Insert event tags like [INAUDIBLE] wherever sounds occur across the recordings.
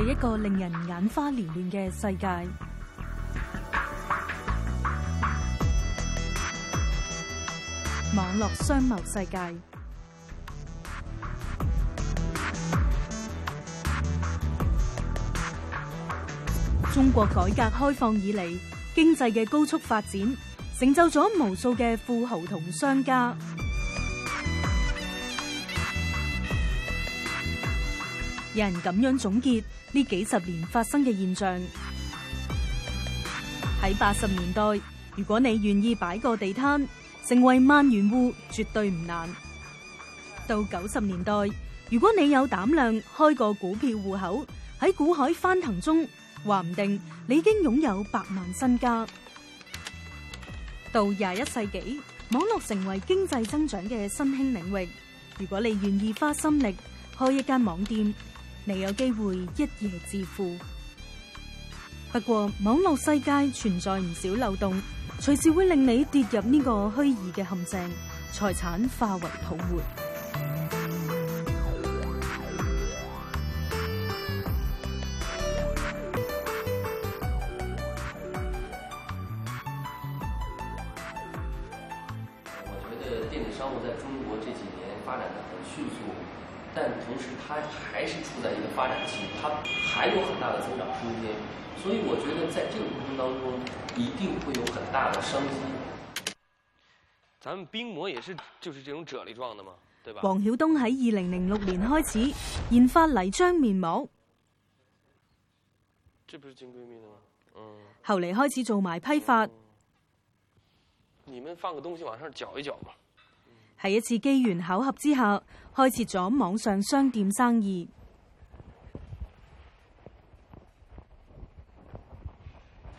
係一個令人眼花繚亂嘅世界，網絡商貿世界。中國改革開放以嚟，經濟嘅高速發展，成就咗無數嘅富豪同商家。有人咁樣總結呢幾十年發生嘅現象：喺八十年代，如果你願意擺個地攤，成為萬元戶絕對唔難；到九十年代，如果你有膽量開個股票戶口，喺股海翻騰中，話唔定你已經擁有百萬身家；到廿一世紀，網絡成為經濟增長嘅新興領域，如果你願意花心力開一間網店。你有機會一夜致富，不過網絡世界存在唔少漏洞，隨時會令你跌入呢個虛擬嘅陷阱，財產化為泡沫。所以我覺得在這個過程當中，一定會有很大的商機。咱們冰膜也是，就是這種啫喱狀的嘛，對吧？黃曉東喺二零零六年開始研發泥漿面膜。這不是金龜蜜膜？嗯。後嚟開始做埋批發。你們放個東西往上攪一攪嘛。喺一次機緣巧合之下，開設咗網上商店生意。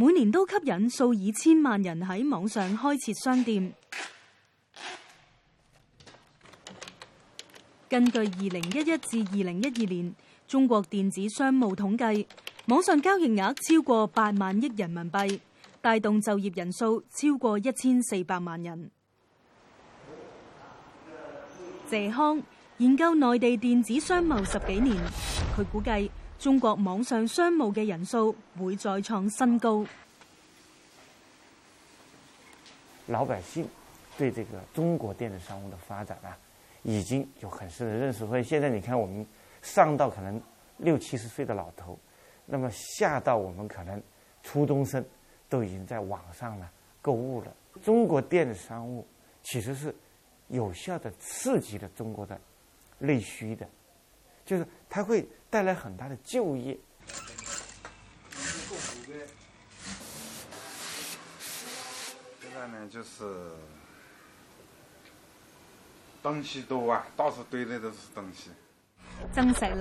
每年都吸引數以千萬人喺網上開設商店。根據二零一一至二零一二年中國電子商務統計，網上交易額超過八萬億人民幣，帶動就業人數超過一千四百萬人。謝康研究內地電子商務十幾年，佢估計。中國網上商務的人數會再創新高。老百姓對這個中國電子商務的發展啊，已經有很深的認識。所以現在你看，我們上到可能六七十歲的老頭，那麼下到我們可能初中生，都已經在網上呢購物了。中國電子商務其實是有效的刺激了中國的內需的。就是，它會帶來很大的就業。現在呢，就是東西多啊，到處堆的都是東西。曾石林，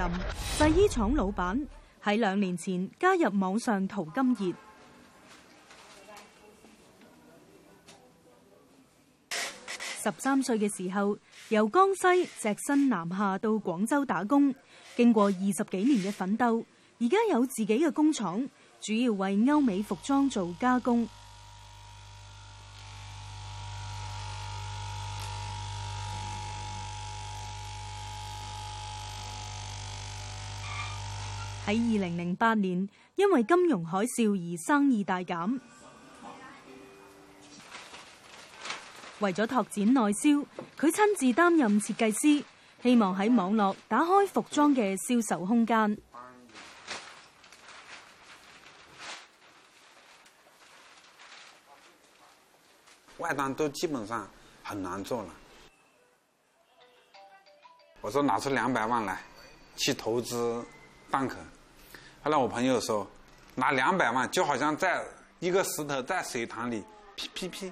製衣廠老闆喺兩年前加入網上淘金熱。十三歲嘅時候，由江西隻身南下到廣州打工，經過二十幾年嘅奮鬥，而家有自己嘅工廠，主要為歐美服裝做加工。喺二零零八年，因為金融海嘯而生意大減。為咗拓展內銷，佢親自擔任設計師，希望喺網絡打開服裝嘅銷售空間。外單都基本上很難做了。我說拿出兩百萬來去投資檔口，後來我朋友說，拿兩百萬就好像在一個石頭在水塘裏，劈劈劈。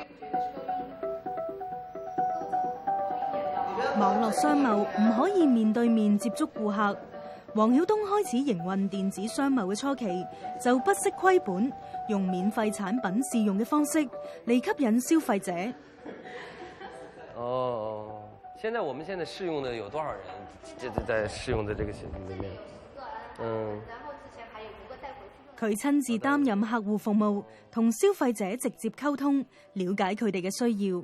網絡商貿唔可以面對面接觸顧客。王曉東開始營運電子商貿嘅初期，就不惜虧本，用免費產品試用嘅方式嚟吸引消費者。哦，現在我們現在試用的有多少人？就是在試用的這個群裏面。嗯。佢親自擔任客戶服務，同消費者直接溝通，了解佢哋嘅需要。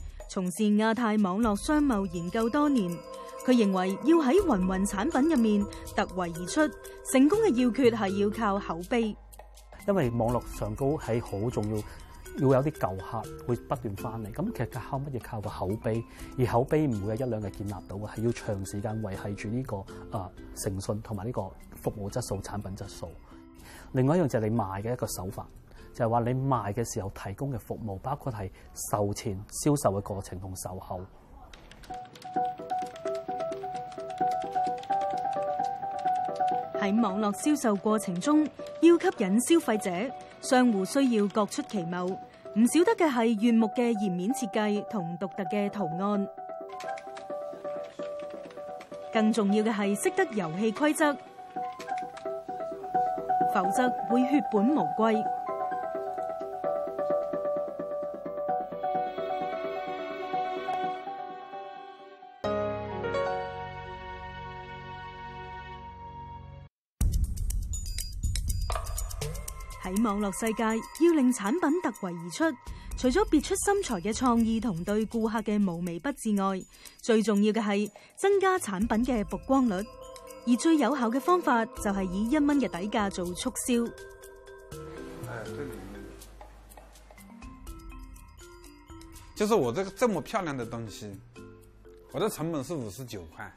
從事亞太網絡商貿研究多年，佢認為要喺芸芸產品入面突圍而出，成功嘅要訣係要靠口碑。因為網絡上高係好重要，要有啲舊客會不斷翻嚟，咁其實靠乜嘢？靠個口碑，而口碑唔會係一兩日建立到嘅，係要長時間維繫住呢個誒、呃、誠信同埋呢個服務質素、產品質素。另外一樣就係你賣嘅一個手法。就係話你賣嘅時候提供嘅服務，包括係售前銷售嘅過程同售後。喺網絡銷售過程中，要吸引消費者，商戶需要各出奇謀。唔少得嘅係炫目嘅頁面設計同獨特嘅圖案。更重要嘅係識得遊戲規則，否則會血本無歸。網絡世界要令產品突圍而出，除咗別出心裁嘅創意同對顧客嘅無微不至外，最重要嘅係增加產品嘅曝光率。而最有效嘅方法就係以一蚊嘅底價做促銷。誒，對，就是我這個這麼漂亮的東西，我的成本是五十九塊，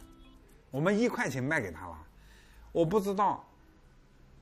我們一塊錢賣給他啦。我不知道。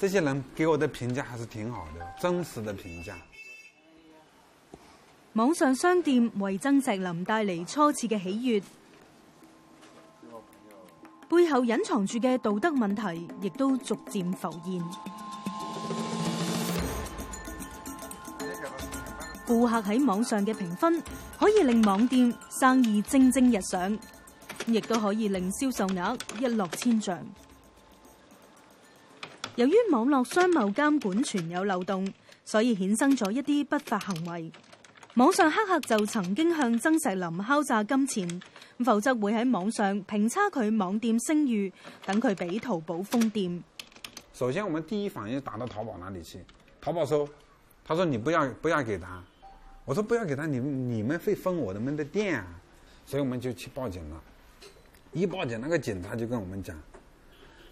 這些人給我的評價還是挺好的，真實的評價。網上商店為曾石林帶嚟初次嘅喜悅，背後隱藏住嘅道德問題亦都逐漸浮現。顧客喺網上嘅評分可以令網店生意蒸蒸日上，亦都可以令銷售額一落千丈。由於網絡商貿監管存有漏洞，所以衍生咗一啲不法行為。網上黑客就曾經向曾石林敲詐金錢，否則會喺網上評差佢網店聲譽，等佢俾淘寶封店。首先，我們第一反應打到淘寶那裏去。淘寶說，他說你不要不要給他，我說不要給他，你你們會封我的們的店啊，所以我們就去報警啦。一報警，那個警察就跟我們講。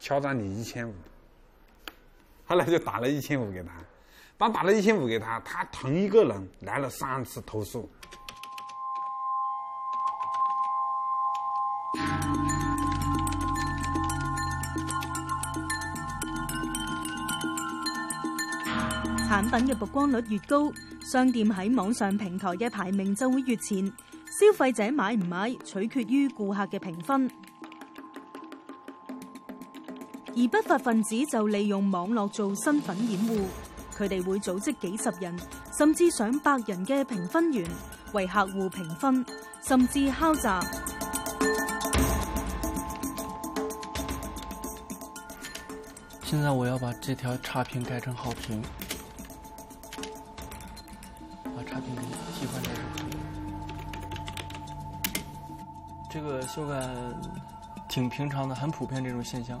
敲詐你一千五，後來就打了一千五給他。當打了一千五給他，他同一個人來了三次投訴。產品嘅曝光率越高，商店喺網上平台嘅排名就會越前。消費者買唔買，取決於顧客嘅評分。而不法分子就利用網絡做身份掩護，佢哋會組織幾十人甚至上百人嘅評分員為客戶評分，甚至敲詐。現在我要把這條差評改成好評，把差評替換成好評。這個修改挺平常的，很普遍這種現象。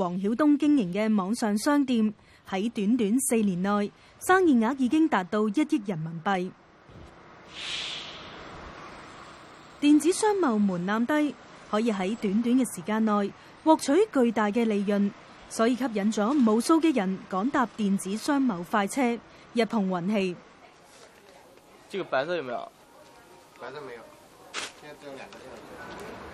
黃曉東經營嘅網上商店喺短短四年內，生意額已經達到一億人民幣。電子商貿門檻低，可以喺短短嘅時間內獲取巨大嘅利潤，所以吸引咗無數嘅人趕搭電子商貿快車，日碰運氣。這個白色有沒有？白色沒有，現在只有兩個有。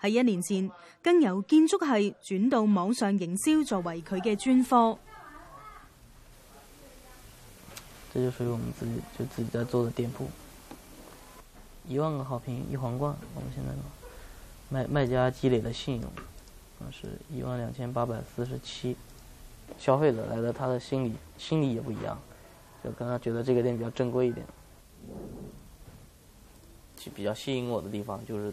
喺一年前，更由建築系轉到網上營銷作為佢嘅專科。這就屬於我們自己就自己在做的店鋪。一萬個好評一皇冠，我們現在賣賣家積累的信用，是一萬兩千八百四十七。消費者來到他的心理，心理也不一樣，就可能覺得這個店比較正規一點。比較吸引我的地方就是。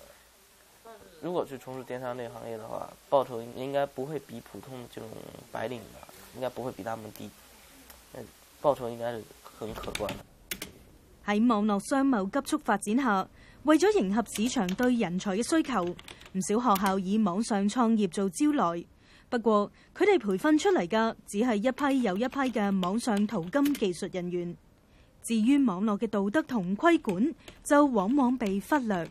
如果去從事電商呢個行業的話，報酬應該不會比普通這種白領吧，應該不會比他們低。嗯，報酬應該是很可觀的。喺網絡商貿急速發展下，為咗迎合市場對人才嘅需求，唔少學校以網上創業做招徠。不過佢哋培訓出嚟嘅只係一批又一批嘅網上淘金技術人員。至於網絡嘅道德同規管，就往往被忽略。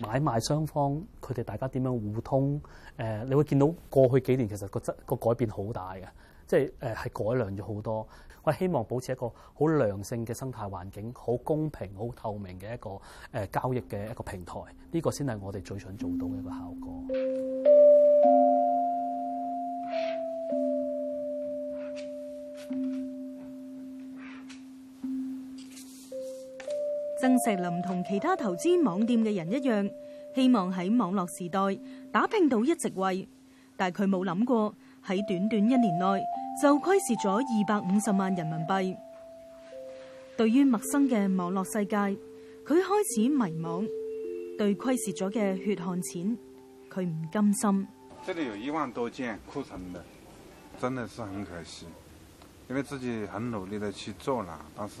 買賣雙方佢哋大家點樣互通？呃，你會見到過去幾年其實個質個改變好大嘅，即係係、呃、改良咗好多。我希望保持一個好良性嘅生態環境，好公平、好透明嘅一個、呃、交易嘅一個平台，呢個先係我哋最想做到嘅一個效果。 [NOISE] 曾石林同其他投資網店嘅人一樣，希望喺網絡時代打拼到一席位，但佢冇諗過喺短短一年內就虧蝕咗二百五十萬人民幣。對於陌生嘅網絡世界，佢開始迷惘。對虧蝕咗嘅血汗錢，佢唔甘心。這裏有一萬多件庫存的，真的是很可惜，因為自己很努力的去做了，但是。